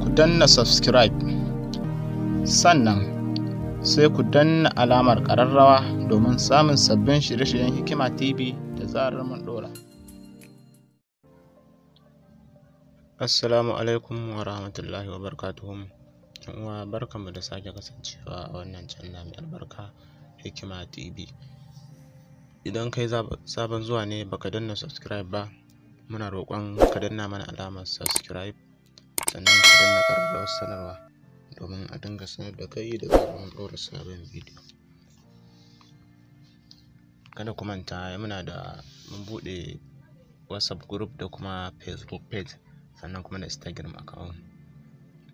Ku danna subscribe sannan sai ku danna alamar ƙararrawa domin samun sabbin shirye-shiryen Hikima TV da zarar mun ɗora. Assalamu alaikum wa rahmatullahi wa barakatuhum. uwa barkanmu da sake kasancewa a wannan canna mai albarka Hikima TV. Idan kai sabon zuwa ne baka danna subscribe ba muna roƙon ka danna mana alamar subscribe sannan ka danna ƙararrawar sanarwa domin a dinga sanar da kai da mun ɗora sabon bidiyo kada ku manta muna da mun buɗe whatsapp group da kuma facebook page sannan kuma da instagram account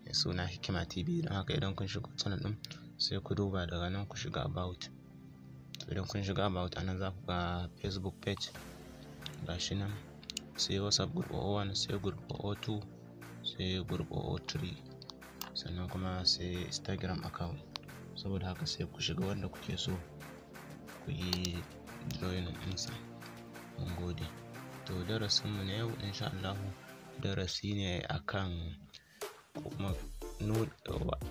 mai suna hikima tv don haka idan kun shiga channel ɗin sai ku duba daga nan ku shiga about idan kun shiga about anan za ku ga facebook page ga shi nan sai whatsapp group o sai group o2 sai group o3 sannan kuma sai instagram account saboda haka sai ku shiga wanda kuke so ku yi drawing ɗinsa mun gode to darasinmu na yau insha Allahu darasi ne akan kuma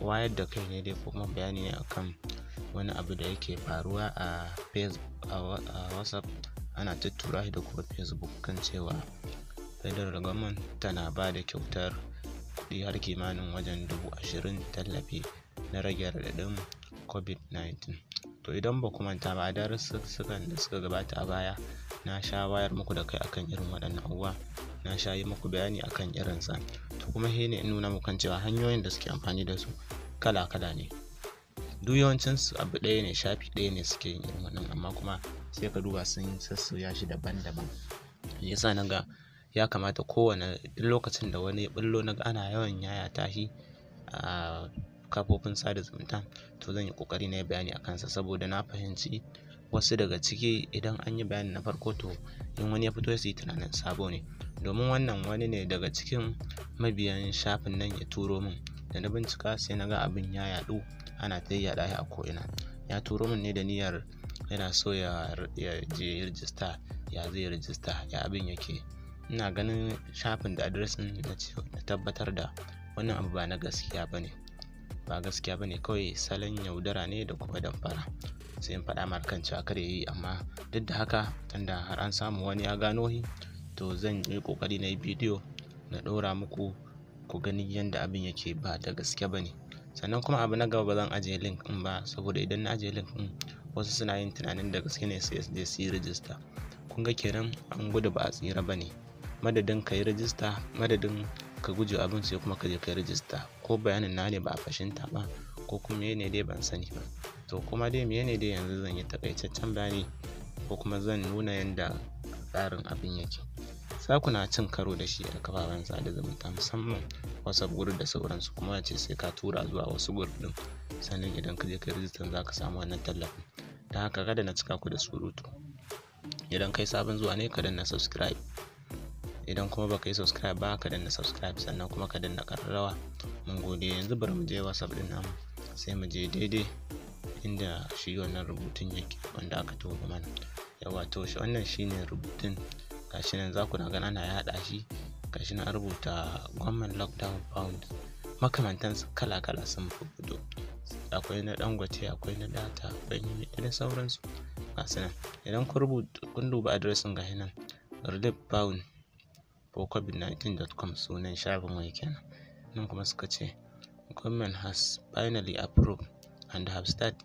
wayar da kai ne dai ko kuma bayani ne akan wani abu da yake faruwa a facebook a whatsapp ana tattura shi da kuma facebook kan cewa federal government tana ba da kyautar kuɗi har kimanin wajen dubu ashirin tallafi na rage raɗaɗin covid-19 to idan ba kuma ta ba a darussukan da suka gabata a baya na sha wayar muku da kai akan irin waɗannan abubuwa na sha yi muku bayani akan irinsa to kuma he in nuna muku kan cewa hanyoyin da suke amfani da su kala-kala ne duk yawancin su abu ɗaya ne shafi ɗaya ne suke yin irin wannan amma kuma sai ka duba sun yi shi daban-daban yasa na ga ya kamata kowane duk lokacin da wani ɓullo na ga ana yawan yaya tashi a kafofin sada zumunta to zan yi ƙoƙari na yi bayani a kansa saboda na fahimci wasu daga ciki idan an yi bayani na farko to in wani ya fito ya yi tunanin sabo ne domin wannan wani ne daga cikin mabiyan shafin nan ya turo min da na bincika sai na ga abin ya yaɗu ana ta yaɗa a ko'ina ya turo min ne da niyyar yana so ya je rijista ya zai rijista ya abin yake ina ganin shafin da adresin na tabbatar da wannan abu ba na gaskiya ba ne ba gaskiya ba ne kawai salon yaudara ne da kuma damfara sai in faɗa mar kan cewa kar ya yi amma duk da haka tunda har an samu wani ya gano shi to zan yi kokari na yi bidiyo na ɗora muku ku gani yadda abin yake ba da gaske ba ne sannan kuma abu na gaba ba zan ajiye link ɗin ba saboda idan na ajiye link in wasu suna yin tunanin da gaske ne sai su je su yi rijista kun ga kenan an gudu ba a tsira ba ne madadin ka yi rijista madadin ka guje abin sai kuma ka je ka yi rijista ko bayanin na ne ba a fashinta ba ko kuma ne dai ban sani ba to kuma dai me ne dai yanzu zan yi takaitaccen bayani ko kuma zan nuna yadda tsarin abin yake saku na cin karo da shi a kafafen sada zumunta musamman wasu group da sauransu kuma ya ce sai ka tura zuwa wasu group sannan idan ka je kai rijistan za ka samu wannan tallafin da haka kada na cika ku da surutu idan kai sabon zuwa ne ka danna subscribe idan kuma baka yi subscribe ba ka danna subscribe sannan kuma ka danna karrawa mun gode yanzu bari mu je wasu din namu sai mu je daidai inda shi wannan rubutun yake wanda aka tuba mana yawa to wannan shine rubutun gashi nan za ku na gana ana yaɗa shi gashi na rubuta gwamnan lockdown pound makamantan kala-kala sun fito akwai na dangote akwai na data akwai na da sauransu ga su nan idan ku rubuta kun duba adresin gashi nan relief pound for covid19.com sunan shafin mai kenan nan kuma suka ce government has finally approved and have started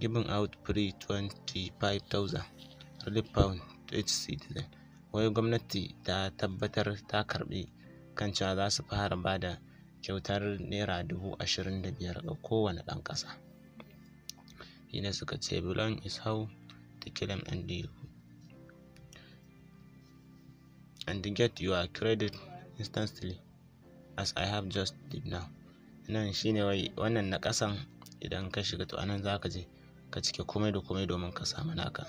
giving out free 25,000 relief pound to each citizen wai gwamnati ta tabbatar ta karɓi kan cewa za su fara ba da kyautar naira dubu ashirin da biyar ga kowane ɗan ƙasa Ina suka ce belong is how to kill them and you and get your credit instantly as I have just did now nan shine wai wannan na ƙasan idan ka shiga to anan za ka je ka cike komai da komai domin ka samu naka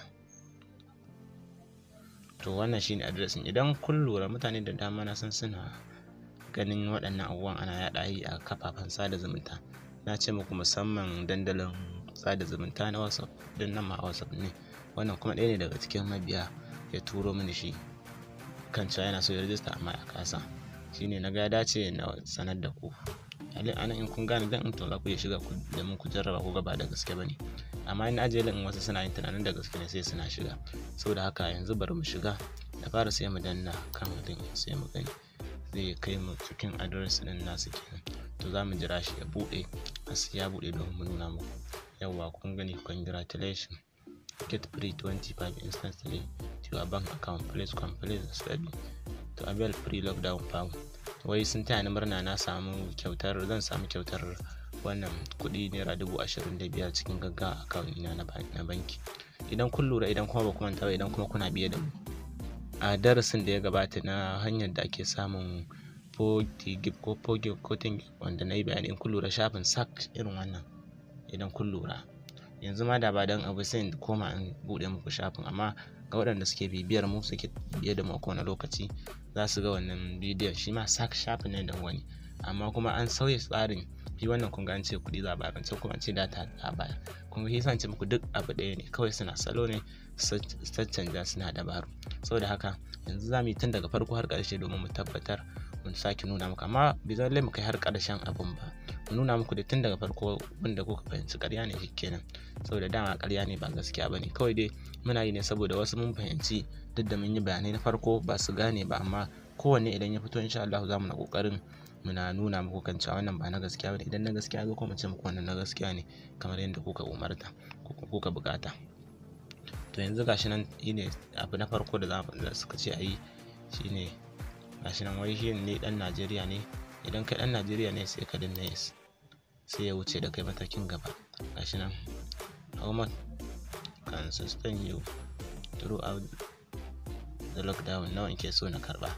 to wannan shine address din idan kun lura mutane da dama na san suna ganin waɗannan abubuwan ana yaɗa yi a kafafen sada zumunta na ce muku musamman dandalin sada zumunta na whatsapp din nan ma whatsapp ne wannan kuma ɗaya ne daga cikin mabiya ya turo mini shi kan cewa yana so ya rijista amma ya kasa shine na ga dace na sanar da ku halin anan in kun gane dan in to za ku iya shiga domin ku jarraba ku gaba da gaske bane amma in ajiye link wasu suna yin tunanin da gaske ne sai suna shiga saboda haka yanzu bari mu shiga da fara sai mu danna kan mutum sai mu gani zai kai mu cikin adres din nasu kenan to za mu jira shi ya bude. hasi ya bude domin mu nuna muku yawwa kun gani congratulation get free 25 instantly to your bank account please come please study to avail free lockdown pound wai sun taya ni murna na samu kyautar zan samu kyautar wannan kuɗi naira dubu ashirin da biyar cikin gaggawa a ina na banki idan kun lura idan kuma ba ku manta idan kuma kuna biye da mu a darasin da ya gabata na hanyar da ake samun forgib ko forgib ko wanda na yi bayani in kun lura shafin sak irin wannan idan kun lura yanzu ma da ba dan abu sai koma in buɗe muku shafin amma ga waɗanda suke bibiyar mu suke biye da mu a kowane lokaci za su ga wannan bidiyon shi ma sak shafin ne da wani amma kuma an sauya tsarin shi wannan kun ga an ce kuɗi za kuma an ce data za a shi kun ga ce muku duk abu ɗaya ne kawai suna salo ne saccanja suna dabaru saboda haka yanzu za mu yi tun daga farko har ƙarshe domin mu tabbatar mun sake nuna muku amma bai zan lai mu kai har ƙarshen abun ba mu nuna muku da tun daga farko wanda kuka fahimci karya ne kenan saboda dama karya ne ba gaskiya ba ne kawai dai muna yi ne saboda wasu mun fahimci duk da mun yi bayanai na farko ba su gane ba amma kowanne idan ya fito insha Allah za mu na ƙoƙarin muna nuna muku kan cewa wannan ba na gaskiya bane idan na gaskiya zo kuma ce muku wannan na gaskiya ne kamar yadda kuka umarta kuka bukata to yanzu gashi nan shine abu na farko da za suka ce a shine gashi nan wai shi ne dan Najeriya ne idan kai dan Najeriya ne sai ka danna yes sai ya wuce da kai matakin gaba gashi nan how much can sustain you throughout the lockdown nawa ke so na karba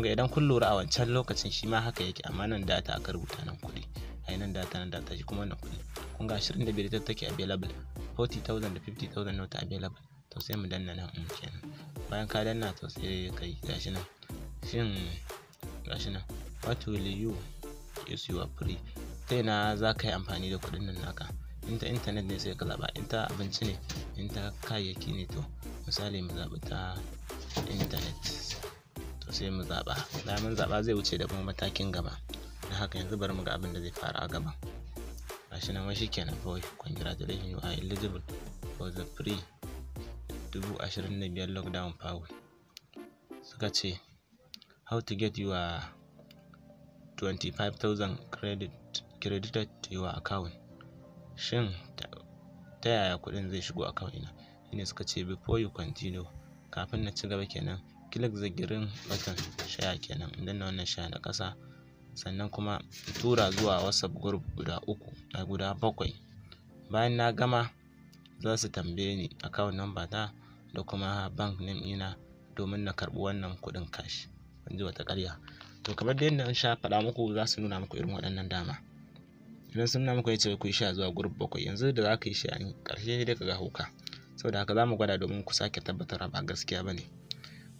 ga idan kun lura a wancan lokacin shi ma haka yake amma nan data aka rubuta nan kuɗi yi nan data nan data shi kuma nan kuɗi kun ga 25 ta take available 40000 da 50000 not available to sai mu danna nan in kenan bayan ka danna to sai kai gashi nan shin gashi nan what will you use your free ta yana za ka yi amfani da kuɗin nan naka in ta intanet ne sai ka zaɓa in ta abinci ne in ta kayayyaki ne to misali mu zaɓi ta intanet sai mu zaɓa bayan zaɓa zai wuce da kuma matakin gaba na haka yanzu bari mu ga abin da zai faru a gaba gashi nan wai shikenan kawai congratulation you are eligible for the free dubu ashirin da biyar lockdown power suka ce how to get your 25,000 credit credited to your account shin ta yaya kuɗin zai shigo account ina shine suka ce before you continue kafin na ci gaba kenan click the green button kenan in danna wannan share na ƙasa sannan kuma tura zuwa whatsapp group guda uku a guda bakwai bayan na gama za su tambaye ni account number ta da kuma bank name ina domin na karbi wannan kuɗin cash ban ji wata ƙarya to kamar da yadda in sha faɗa muku za su nuna muku irin waɗannan dama idan sun nuna muku ya ce ku yi sha zuwa group bakwai yanzu da za ka yi sha ƙarshe dai ka ga hauka saboda haka za mu gwada domin ku sake tabbatar ba gaskiya ba ne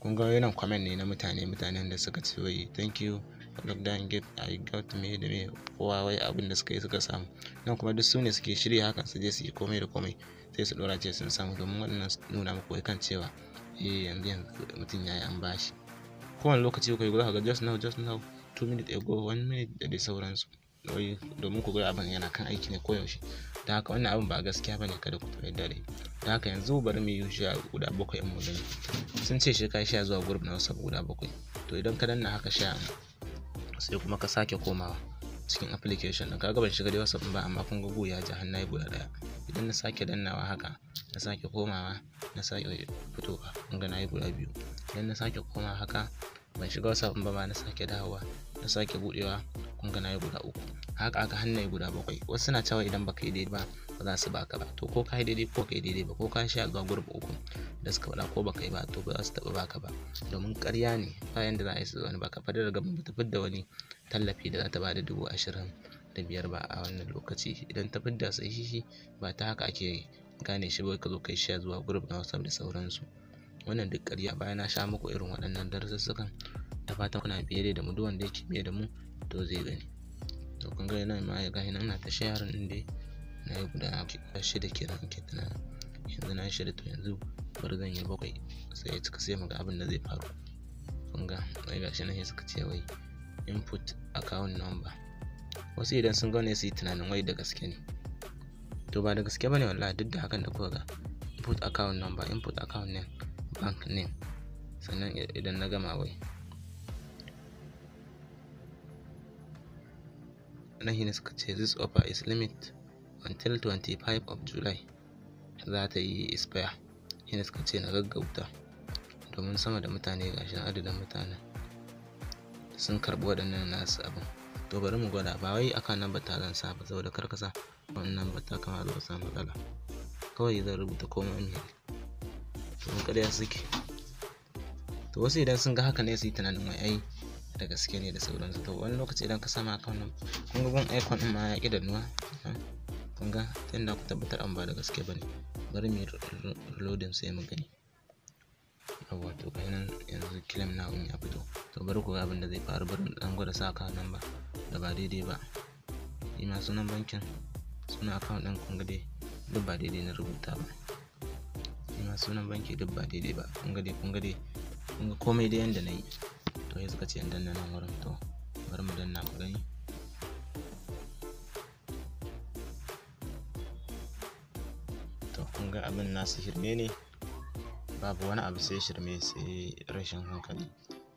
kun ga wannan comment ne na mutane mutanen da suka ce wai thank you lockdown gift i got me da me kowa wai abin da suka yi suka samu nan kuma duk su ne suke shirya haka su je su yi komai da komai sai su dora ce sun samu domin waɗannan nuna muku wai kan cewa eh yanzu yanzu mutum ya yi an bashi kowane lokaci kuka yi za ka ga just now just now two minutes ago one minute da dai sauransu domin ku ga abin yana kan aiki ne koyaushe da haka wannan abin ba gaskiya bane kada ku tare dare. ta da haka yanzu bari mu yi sha guda bakwai in mulin sun ce shi ka sha zuwa gurbin na wasu guda bakwai to idan ka danna haka sha sai kuma ka sake komawa cikin application ɗin kaga ban shiga dai wasu ba amma kun ga ya ji hannaye guda ɗaya idan na sake dannawa haka na sake komawa na sake fitowa kun ga nayi guda biyu idan na sake komawa haka ban shiga wasu ba ma na sake dawowa na sake buɗewa kun ga nayi guda uku haka haka hannaye guda bakwai wasu suna cewa idan baka yi daidai ba ba za su baka ba to ko ka yi daidai ko ka yi daidai ba ko ka sha ga gurbi uku da suka faɗa ko baka yi ba to ba za su taɓa baka ba domin ƙarya ne bayan da za a yi su wani baka fadar daga ba ta fidda wani tallafi da za ta bada dubu ashirin da biyar ba a wannan lokaci idan ta fidda sahihi ba ta haka ake gane shi ba ka zo kai sha zuwa gurbi na wasu da sauransu wannan duk ƙarya bayan na sha muku irin waɗannan darussukan da fatan kuna biye da mu duk wanda yake biye da mu to zai gani to kun ga yana ma ya ga nan na ta share din dai na yi guda shida kenan ke tana yanzu na shida to yanzu bari zan yi bakwai sai ya cika sai muga abin da zai faru kun ga wai gashi nan ya suka ce wai input account number wasu idan sun ga su yi tunanin wai da gaske ne to ba da gaske bane wallahi duk da hakan da kuka ga input account number input account name bank name sannan idan na gama wai nan shi ne suka ce this offer is limit until 25 of july za ta yi expire shi suka ce na gaggauta domin sama da mutane gashi adadin mutanen sun karɓi waɗannan nasu abin to bari mu gwada ba wai akan nan ta zan sa ba saboda karkasa wannan ta kama zuwa wasu matsala kawai zan rubuta komai mai to kada suke to wasu idan sun ga haka ne su yi tunanin mai ai da gaske ne da sauransu to wani lokaci idan ka sama akan nan kun ga gun icon din ma ya ƙi da nuwa kun ga tunda ku tabbatar an ba da gaske bane bari mu reloading sai mu gani yawwa to ga nan yanzu claim na ya fito to bari ku ga abin da zai faru bari dan gwada sa nan ba da ba daidai ba ina sunan bankin sunan account din kun ga dai duk ba daidai na rubuta ba ina sunan banki duk ba daidai ba kun ga dai kun ga dai kun ga komai da yanda na yi to yanzu suka ce in danna nan wurin to bari mu danna ku gani to kun ga abin nasu shirme ne babu wani abu sai shirme sai rashin hankali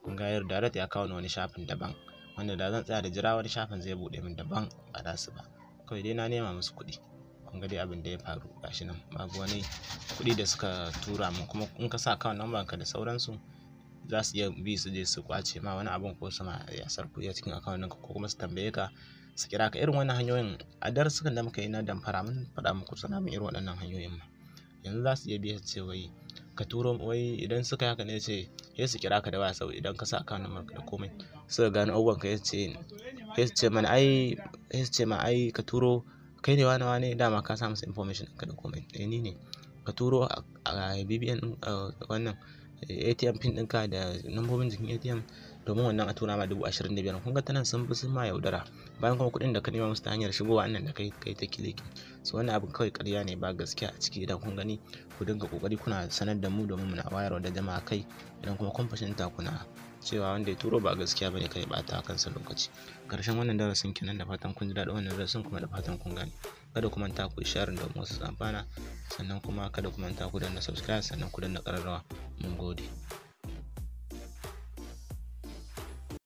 kun ga yar direct ya kawo wani shafin daban wanda da zan tsaya da jira wani shafin zai bude min daban ba da su ba kawai dai na nema musu kuɗi kun ga dai abin da ya faru gashi nan babu wani kuɗi da suka tura mu kuma in ka sa account number ka da sauransu za su iya bi su je su kwace ma wani abin ko suna yasar kuɗi a cikin akawun ɗinka ko kuma su tambaye ka su kira ka irin wannan hanyoyin a darussukan da muka yi na damfara mun faɗa muku suna min irin waɗannan hanyoyin ma yanzu za su iya biya ce wai ka turo wai idan suka haka ne ce ya su kira ka da waya sau idan ka sa akawun numar da komai suka gano abubuwan ka ce sai su ce mana ai sai su ce ma ai ka turo kai ne wani wani dama ka sa masa information ɗinka da komai ne eh, ni ne ka turo a bbn wannan ATM pin ɗinka da nambobin jikin ATM domin wannan a tura ma dubu ashirin da biyar kun ga sun fi sun ma yaudara bayan kuma kuɗin da ka nema musu ta hanyar shigowa nan da kai kai ta kiliki so wannan abin kawai ƙarya ne ba gaskiya a ciki idan kun gani ku dinga ƙoƙari kuna sanar da mu domin muna wayarwa da jama'a kai idan kuma kun fahimta kuna cewa wanda ya turo ba gaskiya bane kai bata kansa lokaci ƙarshen wannan darasin kenan da fatan kun ji daɗin wannan darasin kuma da fatan kun gani. kada ku manta ku share da wasu amfana sannan kuma kada ku manta ku danna subscribe sannan ku danna ƙararrawa mun gode